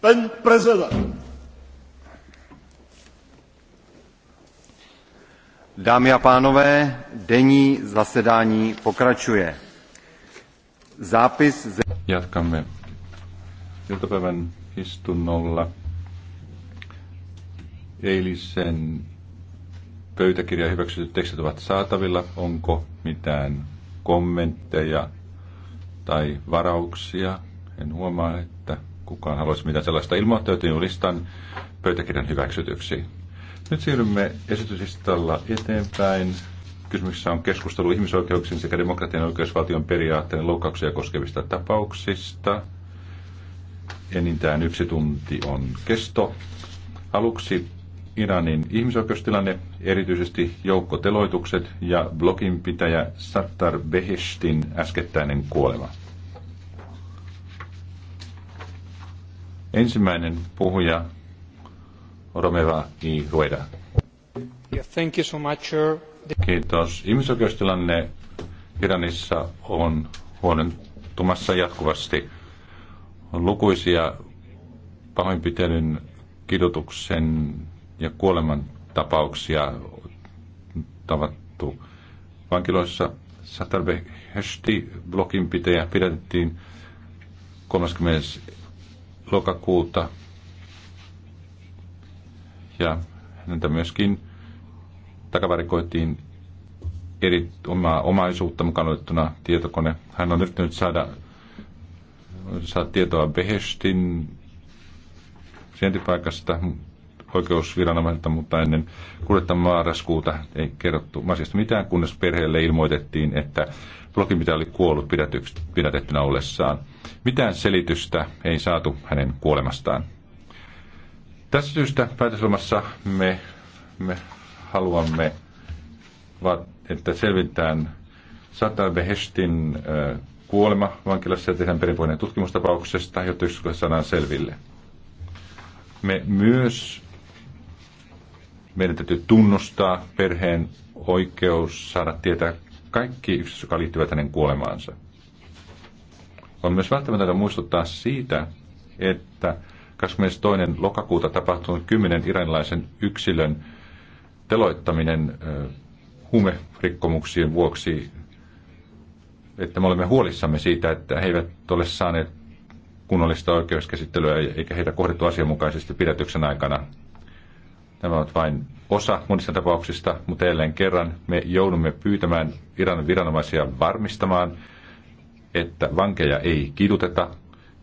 Pan prezident. Dámy a pánové, denní zasedání pokračuje. Zápis ze... Jatkamme iltapäivän istunnolla eilisen pöytäkirjan hyväksytyt tekstit ovat saatavilla. Onko mitään kommentteja tai varauksia? En huomaa, että kukaan haluaisi mitään sellaista joten julistan pöytäkirjan hyväksytyksi. Nyt siirrymme esityslistalla eteenpäin. Kysymyksessä on keskustelu ihmisoikeuksien sekä demokratian oikeusvaltion periaatteen loukkauksia koskevista tapauksista. Enintään yksi tunti on kesto. Aluksi Iranin ihmisoikeustilanne, erityisesti joukkoteloitukset ja bloginpitäjä Sattar Beheshtin äskettäinen kuolema. Ensimmäinen puhuja Romeva I. Rueda. Yeah, thank you so much, sir. Kiitos. Ihmisoikeustilanne Iranissa on huonontumassa jatkuvasti. On lukuisia pahoinpitelyn, kidutuksen ja kuoleman tapauksia tavattu vankiloissa. Satarbe Heshti bloginpitäjä pidettiin 30 lokakuuta. Ja häntä myöskin takavarikoitiin eri omaa omaisuutta mukaan otettuna tietokone. Hän on yrittänyt saada, saada tietoa Behestin sijaintipaikasta oikeusviranomaisilta, mutta ennen 6. marraskuuta ei kerrottu asiasta mitään, kunnes perheelle ilmoitettiin, että mitä oli kuollut pidätettynä ollessaan. Mitään selitystä ei saatu hänen kuolemastaan. Tässä syystä päätöslomassa me, me haluamme, että selvitään Satan Behestin kuolema vankilassa ja tehdään perinpohjainen tutkimustapauksesta, jotta yksikö saadaan selville. Me myös meidän täytyy tunnustaa perheen oikeus saada tietää kaikki yksityiset, liittyvät hänen kuolemaansa. On myös välttämätöntä muistuttaa siitä, että 22. lokakuuta tapahtunut kymmenen iranilaisen yksilön teloittaminen huumerikkomuksien vuoksi, että me olemme huolissamme siitä, että he eivät ole saaneet kunnollista oikeuskäsittelyä eikä heitä kohdettu asianmukaisesti pidätyksen aikana. Nämä ovat vain osa monista tapauksista, mutta jälleen kerran me joudumme pyytämään Iranin viranomaisia varmistamaan, että vankeja ei kiduteta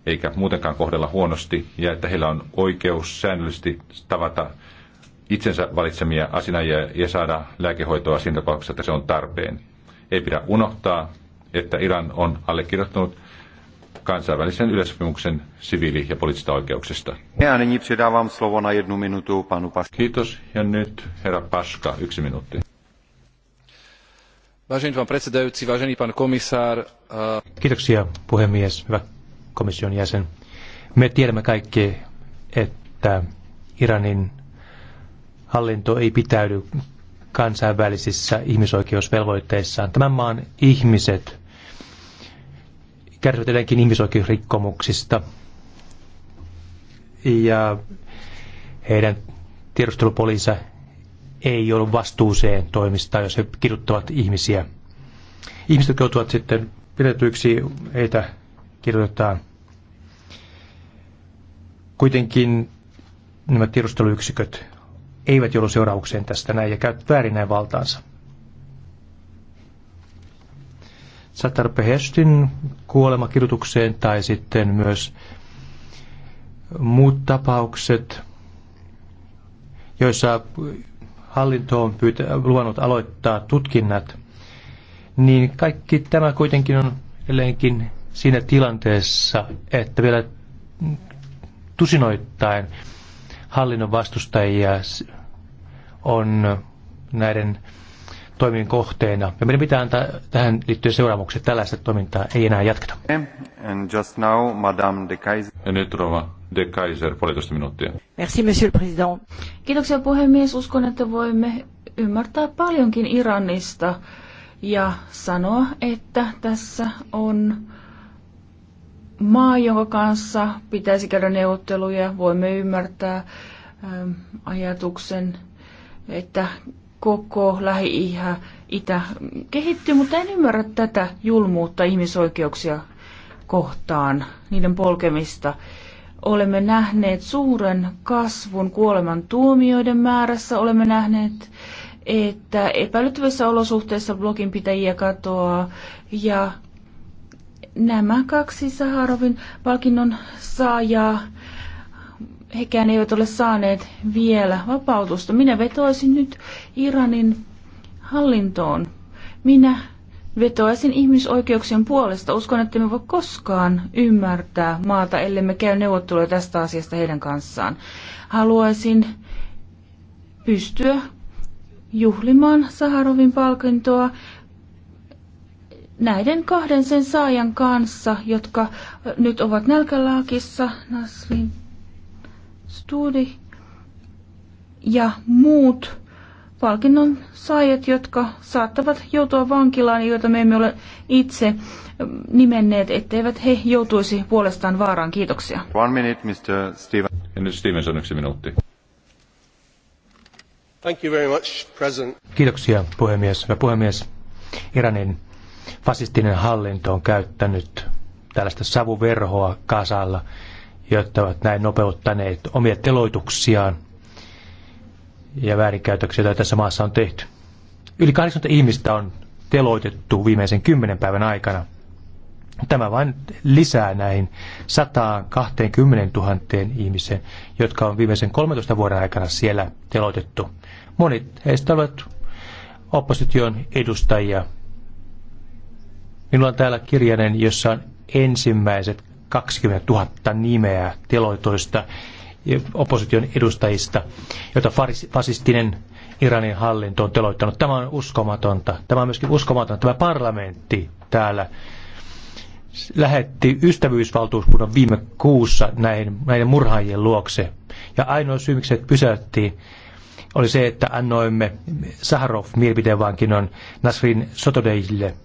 eikä muutenkaan kohdella huonosti ja että heillä on oikeus säännöllisesti tavata itsensä valitsemia asinajia ja saada lääkehoitoa siinä tapauksessa, että se on tarpeen. Ei pidä unohtaa, että Iran on allekirjoittanut kansainvälisen yleissopimuksen siviili- ja poliittisista oikeuksista. Ja nyní předávám slovo na jednu minutu panu Paska. Kiitos. Ja nyt herra Paska, yksi minuutti. Vážený pán predsedajúci, vážený pán komisár. Kiitoksia puhemies, hyvä komission jäsen. Me tiedämme kaikki, että Iranin hallinto ei pitäydy kansainvälisissä ihmisoikeusvelvoitteissaan. Tämän maan ihmiset kärsivät edelleenkin ihmisoikeusrikkomuksista. Ja heidän tiedustelupoliisinsa ei ole vastuuseen toimista, jos he kiduttavat ihmisiä. Ihmiset, jotka joutuvat sitten pidetyiksi, heitä kirjoitetaan. Kuitenkin nämä tiedusteluyksiköt eivät joudu seuraukseen tästä näin ja käyttävät väärin näin valtaansa. Sattar Beheshtin kuolema tai sitten myös muut tapaukset, joissa hallinto on pyytä, luonut aloittaa tutkinnat, niin kaikki tämä kuitenkin on edelleenkin siinä tilanteessa, että vielä tusinoittain hallinnon vastustajia on näiden toimin kohteena. Ja meidän pitää antaa tähän liittyä seuraamukset. Tällaista toimintaa ei enää jatketa. And just now, Madame de Kaiser. Ja nyt Rova de Kaiser, puolitoista minuuttia. Merci, Monsieur le Président. Kiitoksia puhemies. Uskon, että voimme ymmärtää paljonkin Iranista ja sanoa, että tässä on maa, jonka kanssa pitäisi käydä neuvotteluja. Voimme ymmärtää ähm, ajatuksen, että koko lähi Itä kehittyy, mutta en ymmärrä tätä julmuutta ihmisoikeuksia kohtaan, niiden polkemista. Olemme nähneet suuren kasvun kuoleman tuomioiden määrässä, olemme nähneet että epäilyttävissä olosuhteissa pitäjiä katoaa ja nämä kaksi Saharovin palkinnon saajaa hekään eivät ole saaneet vielä vapautusta. Minä vetoisin nyt Iranin hallintoon. Minä vetoaisin ihmisoikeuksien puolesta. Uskon, että me voi koskaan ymmärtää maata, ellei me käy neuvotteluja tästä asiasta heidän kanssaan. Haluaisin pystyä juhlimaan Saharovin palkintoa näiden kahden sen saajan kanssa, jotka nyt ovat nälkälaakissa, Nasrin Studi ja muut palkinnon saajat, jotka saattavat joutua vankilaan, joita me emme ole itse ähm, nimenneet, etteivät he joutuisi puolestaan vaaraan. Kiitoksia. One minute, Mr. Steven. Ja nyt Stevenson yksi minuutti. Thank you very much, President. Kiitoksia, puhemies. Ja puhemies. Iranin fasistinen hallinto on käyttänyt tällaista savuverhoa kasalla jotta ovat näin nopeuttaneet omia teloituksiaan ja väärinkäytöksiä, joita tässä maassa on tehty. Yli 80 ihmistä on teloitettu viimeisen kymmenen päivän aikana. Tämä vain lisää näihin 120 000 ihmiseen, jotka on viimeisen 13 vuoden aikana siellä teloitettu. Monet heistä ovat opposition edustajia. Minulla on täällä kirjainen, jossa on ensimmäiset 20 000 nimeä teloitoista opposition edustajista, joita fasistinen Iranin hallinto on teloittanut. Tämä on uskomatonta. Tämä on myöskin uskomatonta. Tämä parlamentti täällä lähetti ystävyysvaltuuskunnan viime kuussa näiden, näiden murhaajien luokse. Ja ainoa syy, miksi pysäyttiin, oli se, että annoimme Saharov mielipiteenvankinnon Nasrin Sotodeille –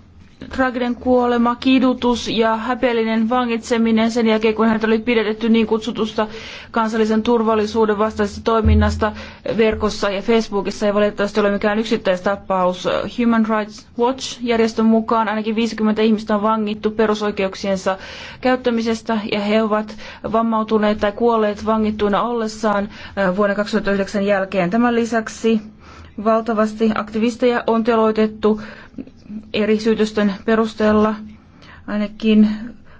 traaginen kuolema, kidutus ja häpeällinen vangitseminen sen jälkeen, kun häntä oli pidätetty niin kutsutusta kansallisen turvallisuuden vastaisesta toiminnasta verkossa ja Facebookissa. Ei valitettavasti ole mikään yksittäistapaus. Human Rights Watch-järjestön mukaan ainakin 50 ihmistä on vangittu perusoikeuksiensa käyttämisestä ja he ovat vammautuneet tai kuolleet vangittuina ollessaan eh, vuoden 2009 jälkeen. Tämän lisäksi Valtavasti aktivisteja on teloitettu eri syytösten perusteella ainakin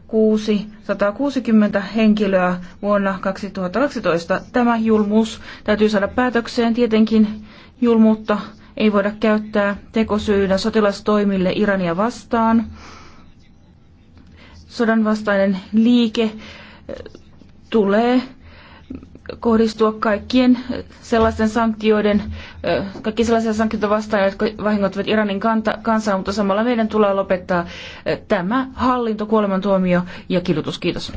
660 henkilöä vuonna 2012. Tämä julmuus täytyy saada päätökseen. Tietenkin julmuutta ei voida käyttää tekosyynä sotilastoimille Irania vastaan. Sodan vastainen liike tulee kohdistua kaikkien sellaisten sanktioiden, kaikki sellaisia sanktioita vastaan, jotka vahingoittavat Iranin kansaa, mutta samalla meidän tulee lopettaa tämä hallinto, kuolemantuomio ja kidutus. Kiitos.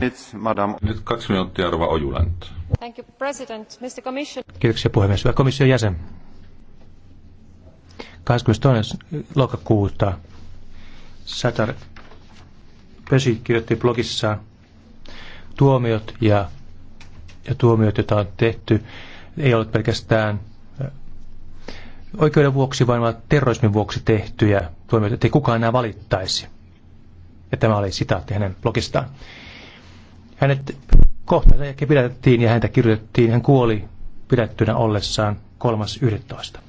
Nyt kaksi minuuttia, Arva Ojuland. Thank you, President. Mr. Commission. Kiitoksia puhemies. Hyvä komission jäsen. 22. lokakuuta Satar Pesi kirjoitti blogissaan tuomiot ja ja tuomiot, joita on tehty, ei ole pelkästään äh, oikeuden vuoksi, vaan terrorismin vuoksi tehtyjä tuomioita, ettei kukaan enää valittaisi. Ja tämä oli sitaatti hänen blogistaan. Hänet kohtaan jälkeen pidätettiin ja häntä kirjoitettiin. Hän kuoli pidättynä ollessaan 3.11.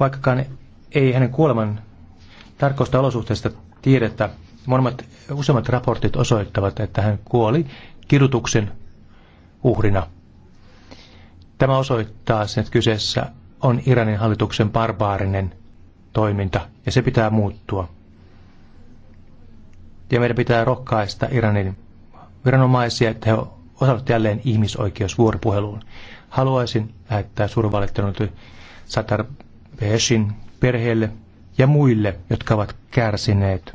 Vaikkakaan ei hänen kuoleman tarkoista olosuhteista tiedetä, molemmat, useimmat raportit osoittavat, että hän kuoli kidutuksen uhrina. Tämä osoittaa sen, että kyseessä on Iranin hallituksen barbaarinen toiminta ja se pitää muuttua. Ja meidän pitää rohkaista Iranin viranomaisia, että he osallistuvat jälleen ihmisoikeusvuoropuheluun. Haluaisin lähettää survalittanut Satar Beheshin perheelle ja muille, jotka ovat kärsineet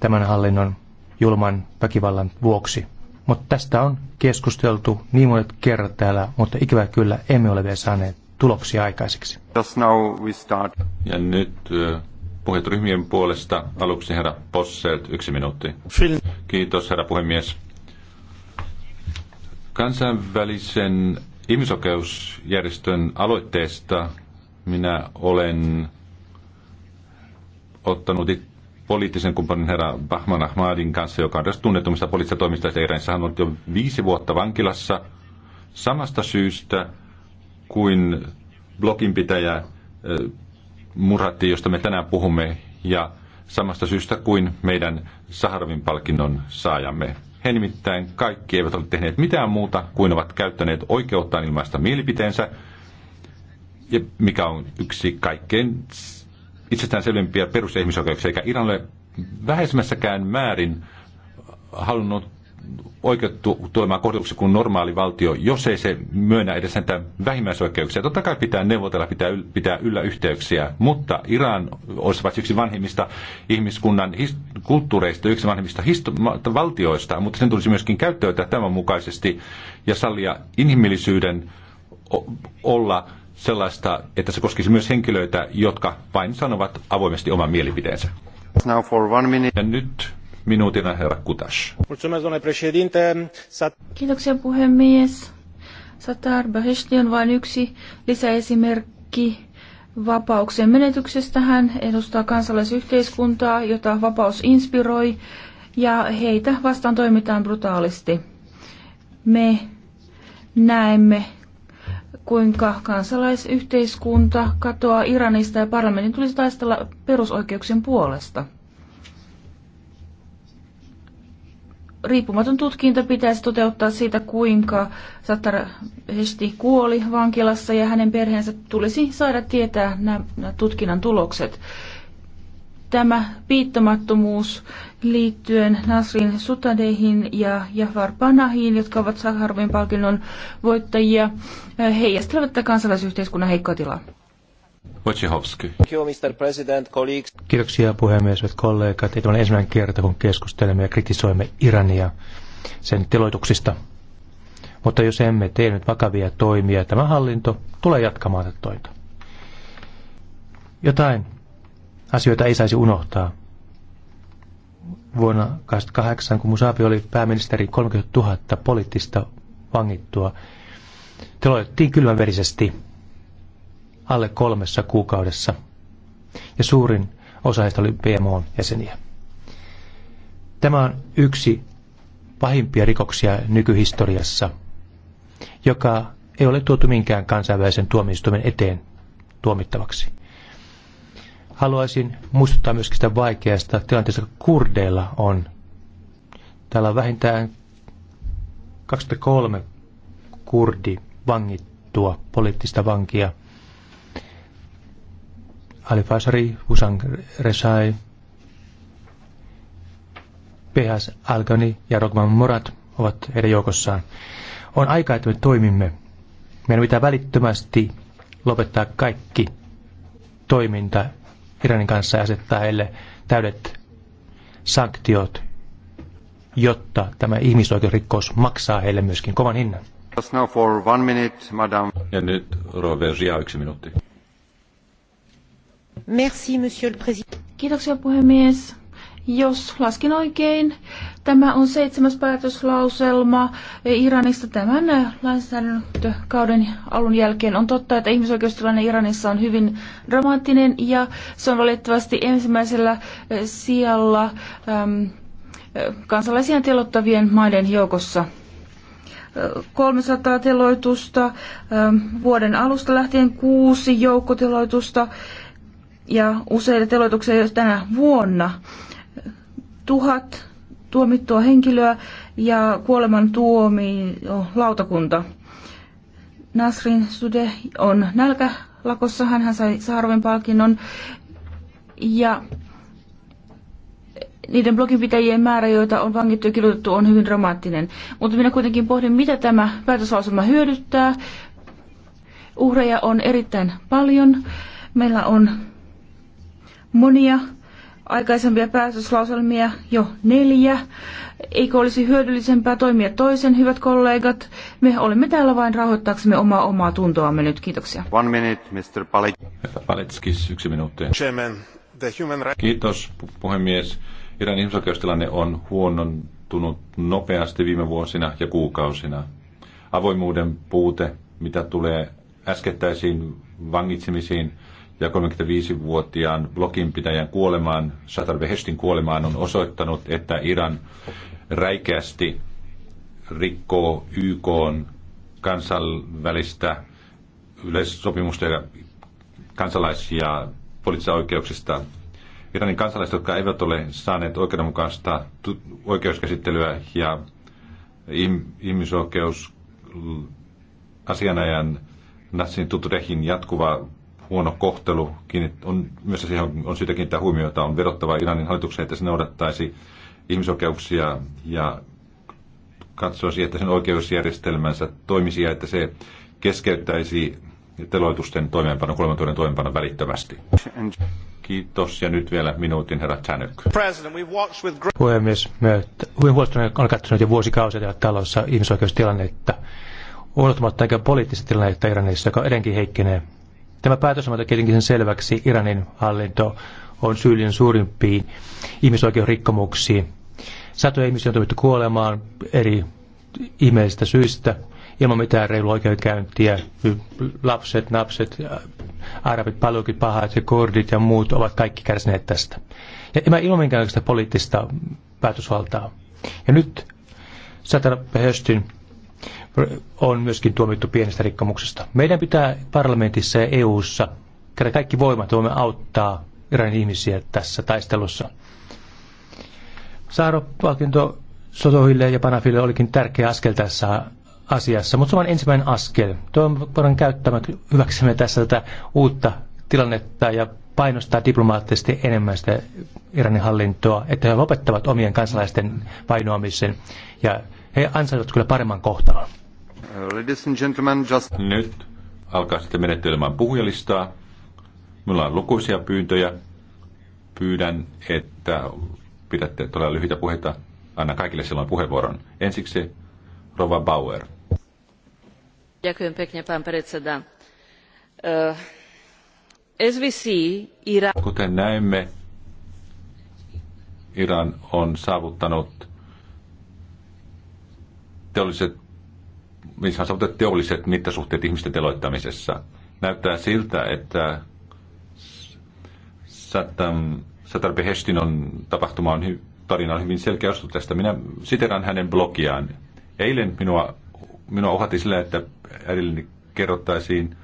tämän hallinnon julman väkivallan vuoksi. Mutta tästä on keskusteltu niin monet kerrat täällä, mutta ikävä kyllä emme ole vielä saaneet tuloksia aikaiseksi. Ja nyt puheet ryhmien puolesta. Aluksi herra Posselt, yksi minuutti. Kiitos herra puhemies. Kansainvälisen ihmisoikeusjärjestön aloitteesta minä olen ottanut poliittisen kumppanin herra Bahman Ahmadin kanssa, joka on tästä tunnetumista poliittisesta toimista Iranissa. Hän on jo viisi vuotta vankilassa samasta syystä kuin bloginpitäjä Murati, josta me tänään puhumme, ja samasta syystä kuin meidän Saharovin palkinnon saajamme. He nimittäin kaikki eivät ole tehneet mitään muuta kuin ovat käyttäneet oikeuttaan ilmaista mielipiteensä, ja mikä on yksi kaikkein itsestäänselvimpiä perus- ja ihmisoikeuksia, eikä Iran ole vähäisemmässäkään määrin halunnut oikeuttu tulemaan kohdelluksi kuin normaali valtio, jos ei se myönnä edes näitä vähimmäisoikeuksia. Totta kai pitää neuvotella, pitää, pitää yllä yhteyksiä, mutta Iran olisi yksi vanhimmista ihmiskunnan his, kulttuureista, yksi vanhimmista histo- valtioista, mutta sen tulisi myöskin käyttäytyä tämän mukaisesti ja sallia inhimillisyyden olla sellaista, että se koskisi myös henkilöitä, jotka vain sanovat avoimesti oman mielipiteensä. Now for one minute. Ja nyt minuutina herra Kutas. Kiitoksia puhemies. Satar Bahesti on vain yksi lisäesimerkki vapauksen menetyksestä. Hän edustaa kansalaisyhteiskuntaa, jota vapaus inspiroi, ja heitä vastaan toimitaan brutaalisti. Me näemme kuinka kansalaisyhteiskunta katoaa Iranista ja parlamentin tulisi taistella perusoikeuksien puolesta. Riippumaton tutkinta pitäisi toteuttaa siitä, kuinka Sattar Hesti kuoli vankilassa ja hänen perheensä tulisi saada tietää nämä tutkinnan tulokset. Tämä piittomattomuus liittyen Nasrin Sutadeihin ja Jafar Panahiin, jotka ovat Saharovin palkinnon voittajia, eh, heijastelevat kansalaisyhteiskunnan heikkoa tilaa. Kiitoksia puhemies, hyvät kollegat. tämä on ensimmäinen kerta, kun keskustelemme ja kritisoimme Irania sen teloituksista. Mutta jos emme tee nyt vakavia toimia, tämä hallinto tulee jatkamaan tätä tointa. Jotain asioita ei saisi unohtaa vuonna 1988, kun Musabi oli pääministeri 30 000 poliittista vangittua. Teloitettiin kylmäverisesti alle kolmessa kuukaudessa. Ja suurin osa heistä oli pmo jäseniä. Tämä on yksi pahimpia rikoksia nykyhistoriassa, joka ei ole tuotu minkään kansainvälisen tuomioistuimen eteen tuomittavaksi. Haluaisin muistuttaa myöskin sitä vaikeasta tilanteesta, joka kurdeilla on. Täällä on vähintään 23 kurdi vangittua, poliittista vankia. Ali Fasari, Husan Resai, PHS Algani ja Rogman Murat ovat heidän joukossaan. On aika, että me toimimme. Meidän pitää välittömästi lopettaa kaikki toiminta Iranin kanssa ja asettaa heille täydet sanktiot, jotta tämä ihmisoikeusrikkous maksaa heille myöskin kovan hinnan. Now for one minute, madame. Ja nyt Rovergia yksi minuutti. Merci, monsieur le président. Kiitoksia puhemies. Jos laskin oikein, tämä on seitsemäs päätöslauselma Iranista tämän lainsäädäntökauden alun jälkeen. On totta, että ihmisoikeustilanne Iranissa on hyvin dramaattinen ja se on valitettavasti ensimmäisellä eh, sijalla äm, ehm, eh, kansalaisia telottavien maiden joukossa. 300 eh, teloitusta, ehm, vuoden alusta lähtien kuusi joukkoteloitusta ja useita teloituksia jo tänä vuonna tuhat tuomittua henkilöä ja kuoleman tuomio lautakunta. Nasrin Sude on nälkälakossa, hän sai Saarven palkinnon ja niiden bloginpitäjien määrä, joita on vangittu ja kirjoitettu, on hyvin dramaattinen. Mutta minä kuitenkin pohdin, mitä tämä päätöslausuma hyödyttää. Uhreja on erittäin paljon. Meillä on monia aikaisempia päätöslauselmia jo neljä. Eikö olisi hyödyllisempää toimia toisen, hyvät kollegat? Me olemme täällä vain rahoittaaksemme omaa omaa tuntoamme nyt. Kiitoksia. One minute, Mr. Palik. yksi minuutti. Chairman, the human right... Kiitos, puhemies. Iranin ihmisoikeustilanne on huonontunut nopeasti viime vuosina ja kuukausina. Avoimuuden puute, mitä tulee äskettäisiin vangitsemisiin, ja 35-vuotiaan bloginpitäjän kuolemaan, Satar Behestin kuolemaan, on osoittanut, että Iran räikeästi rikkoo YK kansainvälistä yleissopimusta ja kansalais- ja poliittisista oikeuksista. Iranin kansalaiset, jotka eivät ole saaneet oikeudenmukaista oikeuskäsittelyä ja ihmisoikeusasianajan asianajan Nassin Tuturehin jatkuva huono kohtelu on, myös siihen on syytä kiinnittää huomiota. On vedottava Iranin hallitukseen, että se noudattaisi ihmisoikeuksia ja katsoisi, että sen oikeusjärjestelmänsä toimisi ja että se keskeyttäisi teloitusten toimeenpano, kolmantuuden toimeenpano välittömästi. Kiitos. Ja nyt vielä minuutin herra Chanuk. Puhemies, me hyvin huolestuneena on katsonut jo vuosikausia ja talossa ihmisoikeustilannetta. Odottamatta aika poliittista tilannetta Iranissa, joka edenkin heikkenee. Tämä päätös on tietenkin sen selväksi. Iranin hallinto on syyllinen suurimpiin ihmisoikeusrikkomuksiin. Satoja ihmisiä on tuomittu kuolemaan eri ihmeellisistä syistä, ilman mitään reilua oikeudenkäyntiä. Lapset, napset, arabit, paljonkin pahat ja kurdit ja muut ovat kaikki kärsineet tästä. Ja emme ilman minkäänlaista poliittista päätösvaltaa. Ja nyt Satana Höstin on myöskin tuomittu pienestä rikkomuksesta. Meidän pitää parlamentissa ja EU:ssa käydä kaikki voimat, voimme auttaa Iranin ihmisiä tässä taistelussa. Saaropalkinto Sotohille ja Panafille olikin tärkeä askel tässä asiassa, mutta se on ensimmäinen askel. Toivon käyttämään hyväksemme tässä tätä uutta tilannetta ja painostaa diplomaattisesti enemmän sitä Iranin hallintoa, että he lopettavat omien kansalaisten vainoamisen ja he ansaitsevat kyllä paremman kohtalon. Uh, ladies and gentlemen, just... Nyt alkaa sitten menettelemään puhujalistaa. Minulla on lukuisia pyyntöjä. Pyydän, että pidätte todella lyhyitä puheita. Anna kaikille silloin puheenvuoron. Ensiksi Rova Bauer. Ďakujem pekne, pán predseda. Uh, SVC, Iran... Kuten näemme, Iran on saavuttanut teolliset missä on saavutettu teolliset mittasuhteet ihmisten teloittamisessa. Näyttää siltä, että Satar Behestin on, tapahtuma on, tarina on hyvin selkeä osu tästä. Minä siteran hänen blogiaan. Eilen minua, minua uhatti sillä, että äidilleni kerrottaisiin,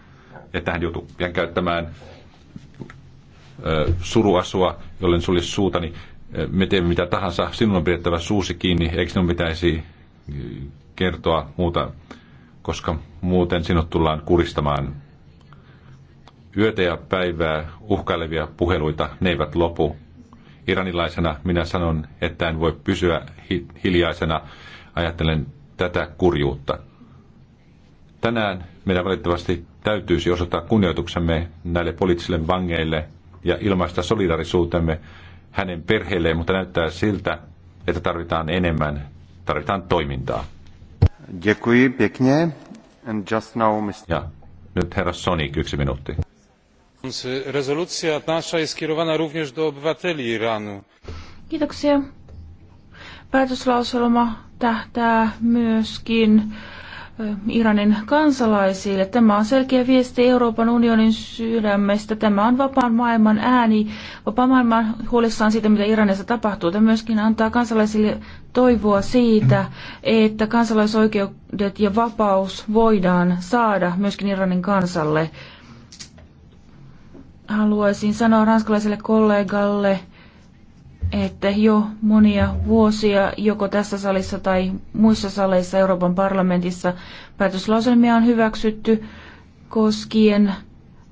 että hän joutui käyttämään ö, suruasua, jollen sulje suutani. Me teemme mitä tahansa, sinun on pidettävä suusi kiinni, eikö sinun pitäisi kertoa muuta koska muuten sinut tullaan kuristamaan. Yötä ja päivää uhkailevia puheluita, ne eivät lopu. Iranilaisena minä sanon, että en voi pysyä hi- hiljaisena. Ajattelen tätä kurjuutta. Tänään meidän valitettavasti täytyisi osoittaa kunnioituksemme näille poliittisille vangeille ja ilmaista solidarisuutemme hänen perheelleen, mutta näyttää siltä, että tarvitaan enemmän, tarvitaan toimintaa. Děkuji pěkně. And just now, Mr. Ja, nyt herra Sonik, yksi minuutti. Rezolucja nasza jest skierowana również do obywateli Iranu. Kiitoksia. Päätöslauselma tähtää myöskin Iranin kansalaisille. Tämä on selkeä viesti Euroopan unionin sydämestä. Tämä on vapaan maailman ääni. Vapaan maailman huolissaan siitä, mitä Iranissa tapahtuu. Tämä myöskin antaa kansalaisille toivoa siitä, että kansalaisoikeudet ja vapaus voidaan saada myöskin Iranin kansalle. Haluaisin sanoa ranskalaiselle kollegalle, että jo monia vuosia joko tässä salissa tai muissa saleissa Euroopan parlamentissa päätöslauselmia on hyväksytty koskien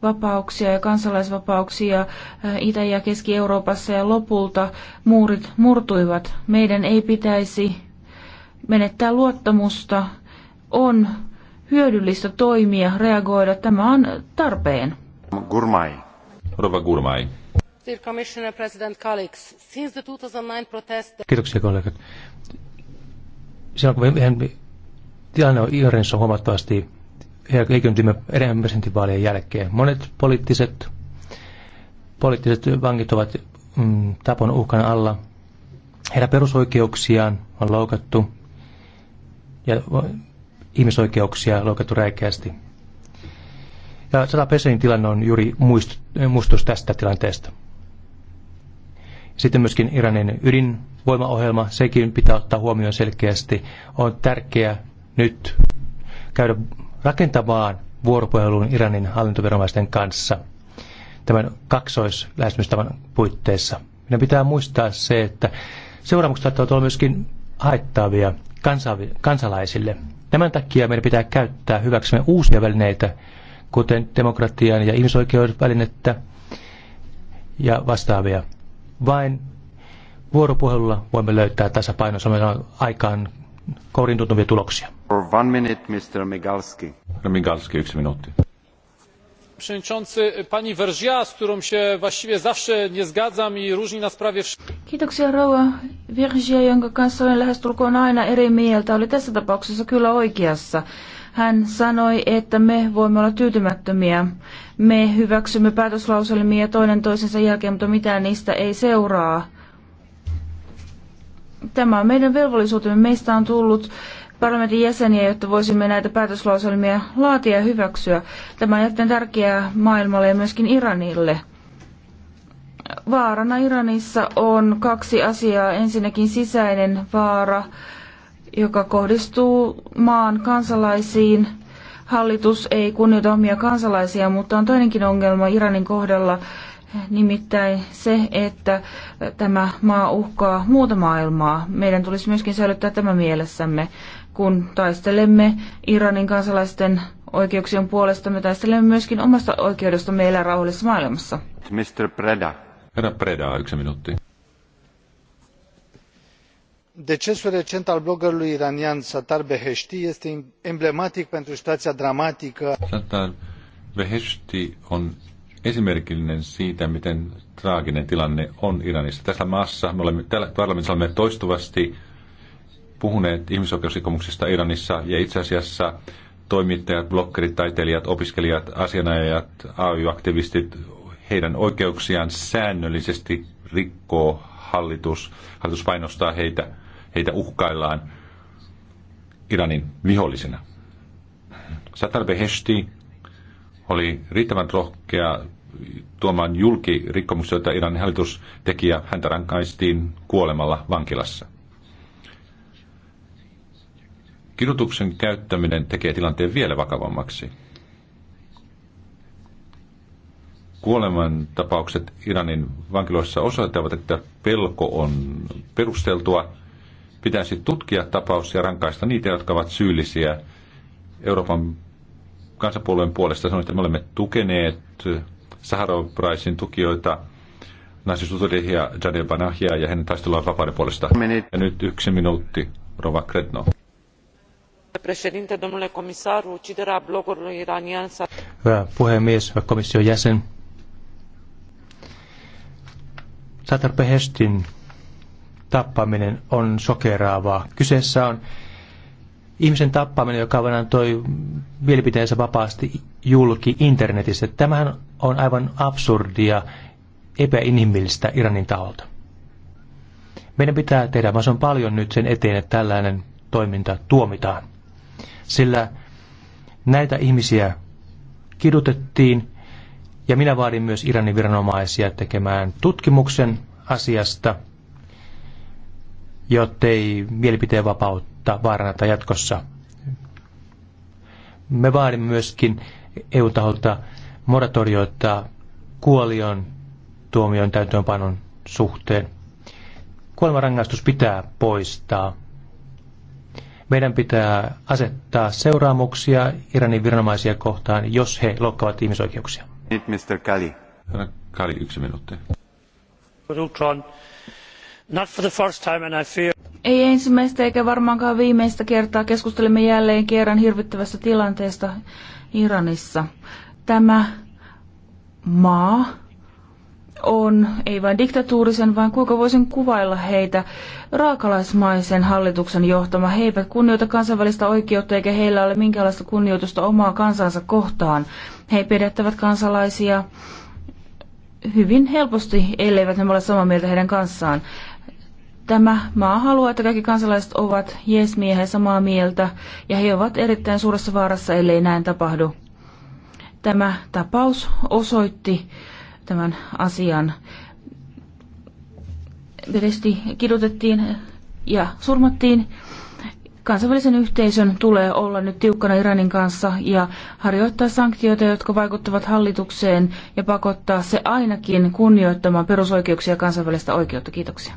vapauksia ja kansalaisvapauksia äh, Itä- ja Keski-Euroopassa ja lopulta muurit murtuivat. Meidän ei pitäisi menettää luottamusta. On hyödyllistä toimia, reagoida. Tämä on tarpeen. Gurmai. Rova Gurmai. Kiitoksia kollegat. Silloin kun meidän tilanne on Iorissa huomattavasti heikentymme edemmän presidentinvaalien jälkeen. Monet poliittiset, poliittiset ovat mm, tapon uhkan alla. Heidän perusoikeuksiaan on loukattu ja ihmisoikeuksia loukattu räikeästi. Ja Satapesenin tilanne on juuri muistutus tästä tilanteesta. Sitten myöskin Iranin ydinvoimaohjelma, sekin pitää ottaa huomioon selkeästi. On tärkeää nyt käydä rakentavaan vuoropuheluun Iranin hallintoviranomaisten kanssa tämän kaksoislähestymistavan puitteissa. Meidän pitää muistaa se, että seuraamukset saattavat olla myöskin haittaavia kansalaisille. Tämän takia meidän pitää käyttää hyväksemme uusia välineitä, kuten demokratian ja ihmisoikeusvälinettä ja vastaavia. Vain vuoropuhelulla voimme löytää tässä saman aikaan kourin tuntuvia tuloksia. For one minute, Mr. Migalski. Migalski, yksi minuutti. Przewodniczący, pani Vergia, z którą się właściwie zawsze nie zgadzam i różni nas prawie... Kiitoksia rouva Virgia, jonka kanssa olen lähestulkoon aina eri mieltä, oli tässä tapauksessa kyllä oikeassa. Hän sanoi, että me voimme olla tyytymättömiä. Me hyväksymme päätöslauselmia toinen toisensa jälkeen, mutta mitään niistä ei seuraa. Tämä on meidän velvollisuutemme. Meistä on tullut parlamentin jäseniä, jotta voisimme näitä päätöslauselmia laatia ja hyväksyä. Tämä on erittäin tärkeää maailmalle ja myöskin Iranille. Vaarana Iranissa on kaksi asiaa. Ensinnäkin sisäinen vaara joka kohdistuu maan kansalaisiin. Hallitus ei kunnioita omia kansalaisia, mutta on toinenkin ongelma Iranin kohdalla, nimittäin se, että tämä maa uhkaa muuta maailmaa. Meidän tulisi myöskin säilyttää tämä mielessämme, kun taistelemme Iranin kansalaisten oikeuksien puolesta, me taistelemme myöskin omasta oikeudesta meillä rauhallisessa maailmassa. Mr. Preda. Herra Preda, yksi minuutti decesul recent al bloggerului iranian sattar beheshti este emblematic pentru situația dramatică sattar beheshti on esimerkillinen siitä, miten traaginen tilanne on Iranissa. Tässä maassa me olemme, täällä parlamentissa olemme toistuvasti puhuneet ihmisoikeusrikkomuksista Iranissa ja itse asiassa toimittajat, blokkerit, taiteilijat, opiskelijat, asianajajat, AY-aktivistit, heidän oikeuksiaan säännöllisesti rikkoo hallitus. Hallitus painostaa heitä heitä uhkaillaan Iranin vihollisena. Satar Beheshti oli riittävän rohkea tuomaan julki rikkomuksia, joita Iranin hallitus teki ja häntä rankaistiin kuolemalla vankilassa. Kidutuksen käyttäminen tekee tilanteen vielä vakavammaksi. Kuoleman tapaukset Iranin vankiloissa osoittavat, että pelko on perusteltua – Pitäisi tutkia tapaus ja rankaista niitä, jotka ovat syyllisiä. Euroopan kansanpuolueen puolesta sanoin, että me olemme tukeneet Saharov-praisin tukijoita Nasi Sutodehia, Jade Banahia ja hänen taistellaan vapauden puolesta. Ja nyt yksi minuutti, Rova Kretno. Hyvä puhemies, komission jäsen. Satar Pehestin tappaminen on sokeraavaa. Kyseessä on ihmisen tappaminen, joka vain toi mielipiteensä vapaasti julki internetissä. Tämähän on aivan absurdia, epäinhimillistä Iranin taholta. Meidän pitää tehdä on paljon nyt sen eteen, että tällainen toiminta tuomitaan. Sillä näitä ihmisiä kidutettiin ja minä vaadin myös Iranin viranomaisia tekemään tutkimuksen asiasta – jottei mielipiteen vapautta vaaranneta jatkossa. Me vaadimme myöskin EU-taholta moratorioita kuolion tuomion täytäntöönpanon suhteen. Kuolemanrangaistus pitää poistaa. Meidän pitää asettaa seuraamuksia Iranin viranomaisia kohtaan, jos he loukkaavat ihmisoikeuksia. Nyt Mr. Kali. Kali, yksi minuutti. Not for the first time and I fear... Ei ensimmäistä eikä varmaankaan viimeistä kertaa keskustelemme jälleen kerran hirvittävästä tilanteesta Iranissa. Tämä maa on, ei vain diktatuurisen, vaan kuinka voisin kuvailla heitä, raakalaismaisen hallituksen johtama. He eivät kunnioita kansainvälistä oikeutta eikä heillä ole minkäänlaista kunnioitusta omaa kansansa kohtaan. He pidättävät kansalaisia hyvin helposti, elleivät ne ole samaa mieltä heidän kanssaan. Tämä maa haluaa, että kaikki kansalaiset ovat jeesmiehen samaa mieltä, ja he ovat erittäin suuressa vaarassa, ellei näin tapahdu. Tämä tapaus osoitti tämän asian. Bedesti kidutettiin ja surmattiin. Kansainvälisen yhteisön tulee olla nyt tiukkana Iranin kanssa ja harjoittaa sanktioita, jotka vaikuttavat hallitukseen ja pakottaa se ainakin kunnioittamaan perusoikeuksia ja kansainvälistä oikeutta. Kiitoksia.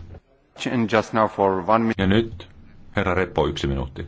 Ja nyt herra Repo yksi minuutti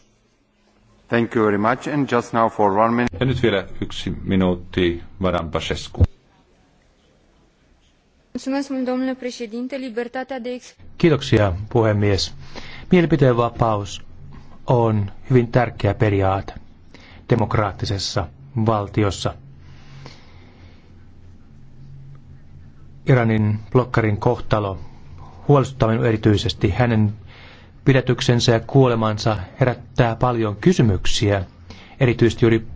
Thank you very much. just now for one minute. Ja nyt vielä yksi minuutti, Madame Pasescu. Kiitoksia, puhemies. Mielipiteen vapaus on hyvin tärkeä periaate demokraattisessa valtiossa. Iranin blokkarin kohtalo huolestuttaa minua erityisesti. Hänen pidätyksensä ja kuolemansa herättää paljon kysymyksiä, erityisesti juuri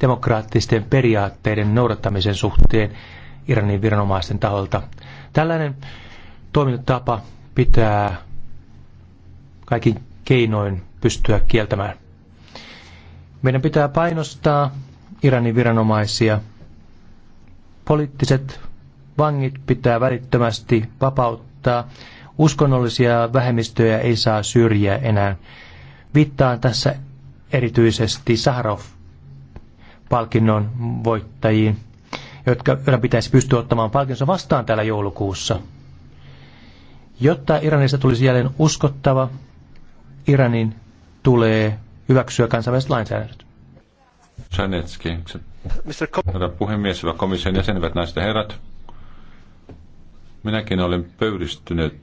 demokraattisten periaatteiden noudattamisen suhteen Iranin viranomaisten taholta. Tällainen toimintatapa pitää kaikin keinoin pystyä kieltämään. Meidän pitää painostaa Iranin viranomaisia. Poliittiset vangit pitää välittömästi vapauttaa uskonnollisia vähemmistöjä ei saa syrjiä enää. Vittaan tässä erityisesti Saharov-palkinnon voittajiin, jotka, joilla pitäisi pystyä ottamaan palkinsa vastaan täällä joulukuussa. Jotta Iranista tulisi jälleen uskottava, Iranin tulee hyväksyä kansainväliset lainsäädännöt. Janetski, herra puhemies, hyvä komission jäsen, hyvät naiset ja herrat. Minäkin olen pöyristynyt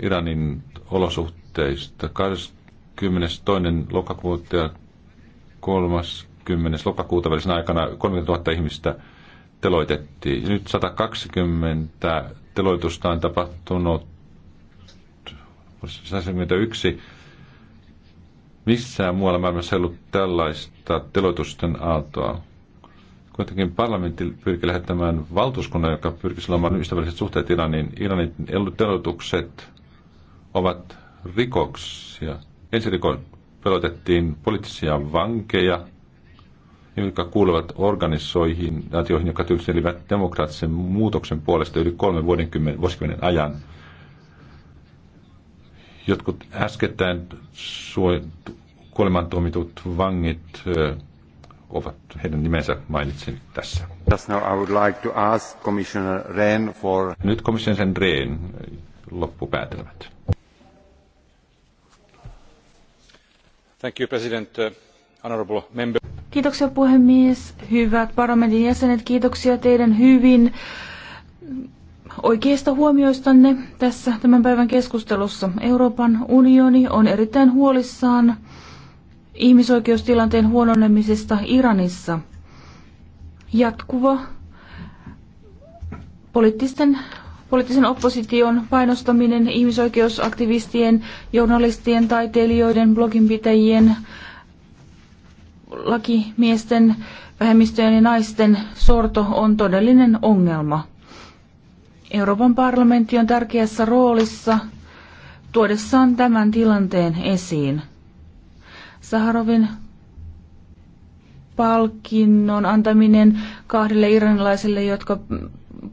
Iranin olosuhteista. 22. lokakuuta ja 30. lokakuuta välisen aikana 30 000 ihmistä teloitettiin. Nyt 120 teloitusta on tapahtunut 1971. Missään muualla maailmassa ei ollut tällaista teloitusten aaltoa. Kuitenkin parlamentti pyrkii lähettämään valtuuskunnan, joka pyrkisi olemaan ystävälliset suhteet Iraniin. Iranin teloitukset ovat rikoksia. Ensirikon pelotettiin poliittisia vankeja, jotka kuuluvat organisoihin, joihin, jotka työskentelivät demokraattisen muutoksen puolesta yli kolmen vuodenkymmenen vuosikymmenen ajan. Jotkut äskettäin kuolemantuomitut vangit ovat heidän nimensä mainitsin tässä. Nyt komission sen Rehn loppupäätelmät. Uh, kiitoksia puhemies, hyvät parlamentin jäsenet, kiitoksia teidän hyvin oikeista huomioistanne tässä tämän päivän keskustelussa. Euroopan unioni on erittäin huolissaan ihmisoikeustilanteen huononemisesta Iranissa. Jatkuva poliittisten Poliittisen opposition painostaminen, ihmisoikeusaktivistien, journalistien, taiteilijoiden, bloginpitäjien, lakimiesten, vähemmistöjen ja naisten sorto on todellinen ongelma. Euroopan parlamentti on tärkeässä roolissa tuodessaan tämän tilanteen esiin. Saharovin palkinnon antaminen kahdelle iranilaiselle, jotka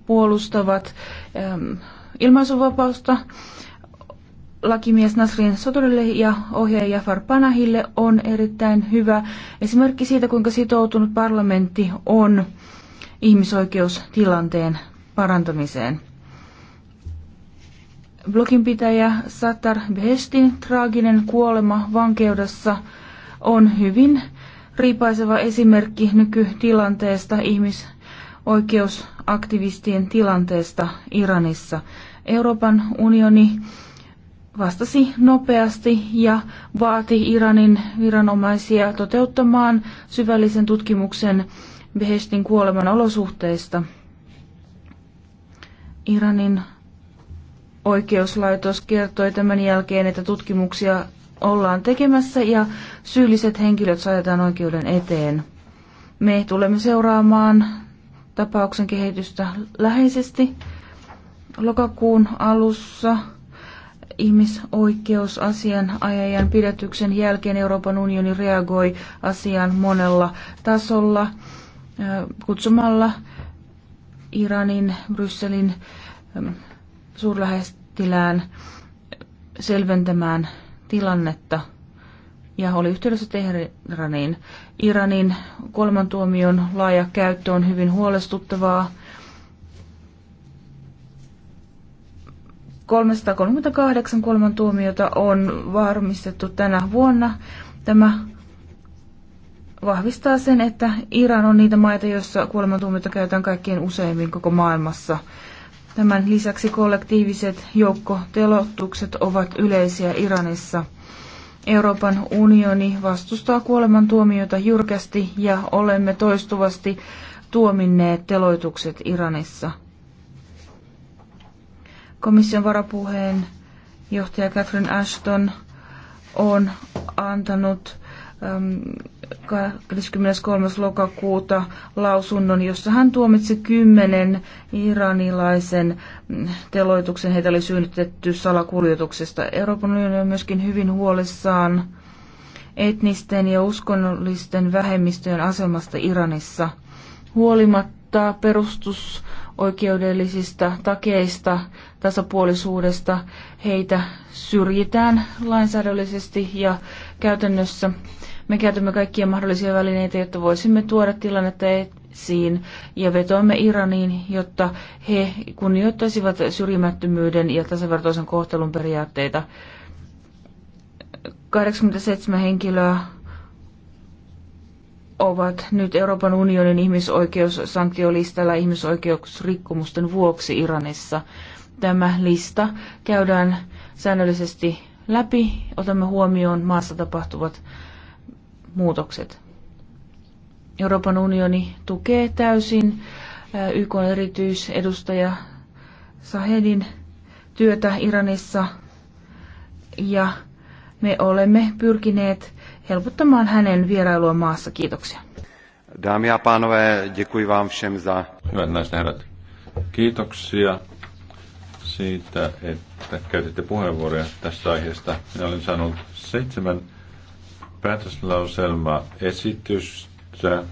puolustavat ähm, ilmaisuvapausta. Lakimies Nasrin Sotorille ja ohjaaja Jafar Panahille on erittäin hyvä esimerkki siitä, kuinka sitoutunut parlamentti on ihmisoikeustilanteen parantamiseen. Bloginpitäjä Satar Behestin traaginen kuolema vankeudessa on hyvin riipaiseva esimerkki nykytilanteesta ihmisoikeustilanteesta oikeusaktivistien tilanteesta Iranissa. Euroopan unioni vastasi nopeasti ja vaati Iranin viranomaisia toteuttamaan syvällisen tutkimuksen Beheshtin kuoleman olosuhteista. Iranin oikeuslaitos kertoi tämän jälkeen, että tutkimuksia ollaan tekemässä ja syylliset henkilöt saatetaan oikeuden eteen. Me tulemme seuraamaan tapauksen kehitystä läheisesti. Lokakuun alussa ihmisoikeusasianajajan pidätyksen jälkeen Euroopan unioni reagoi asiaan monella tasolla kutsumalla Iranin, Brysselin suurlähettilään selventämään tilannetta ja oli yhteydessä Teheraniin. Iranin tuomion laaja käyttö on hyvin huolestuttavaa. 338 tuomiota on varmistettu tänä vuonna. Tämä vahvistaa sen, että Iran on niitä maita, joissa kuolemantuomiota käytetään kaikkein useimmin koko maailmassa. Tämän lisäksi kollektiiviset joukkotelotukset ovat yleisiä Iranissa – Euroopan unioni vastustaa kuolemantuomioita jyrkästi ja olemme toistuvasti tuominneet teloitukset Iranissa. Komission varapuheen johtaja Catherine Ashton on antanut 23. lokakuuta lausunnon, jossa hän tuomitsi kymmenen iranilaisen mm, teloituksen. Heitä oli syynnytetty salakuljetuksesta. Euroopan unioni on myöskin hyvin huolissaan etnisten ja uskonnollisten vähemmistöjen asemasta Iranissa. Huolimatta perustusoikeudellisista takeista, tasapuolisuudesta, heitä syrjitään lainsäädännöllisesti ja käytännössä me käytämme kaikkia mahdollisia välineitä, jotta voisimme tuoda tilannetta esiin ja vetoamme Iraniin, jotta he kunnioittaisivat syrjimättömyyden ja tasavertoisen kohtelun periaatteita. 87 henkilöä ovat nyt Euroopan unionin ihmisoikeussanktiolistalla ihmisoikeusrikkomusten vuoksi Iranissa. Tämä lista käydään säännöllisesti läpi, otamme huomioon maassa tapahtuvat muutokset. Euroopan unioni tukee täysin YK erityisedustaja Sahedin työtä Iranissa ja me olemme pyrkineet helpottamaan hänen vierailua maassa. Kiitoksia. Dámy a pánové, děkuji vám všem za... Hyvät naiset herrat, kiitoksia siitä, että käytitte puheenvuoroja tästä aiheesta. Minä olen saanut seitsemän päätöslauselma esitystä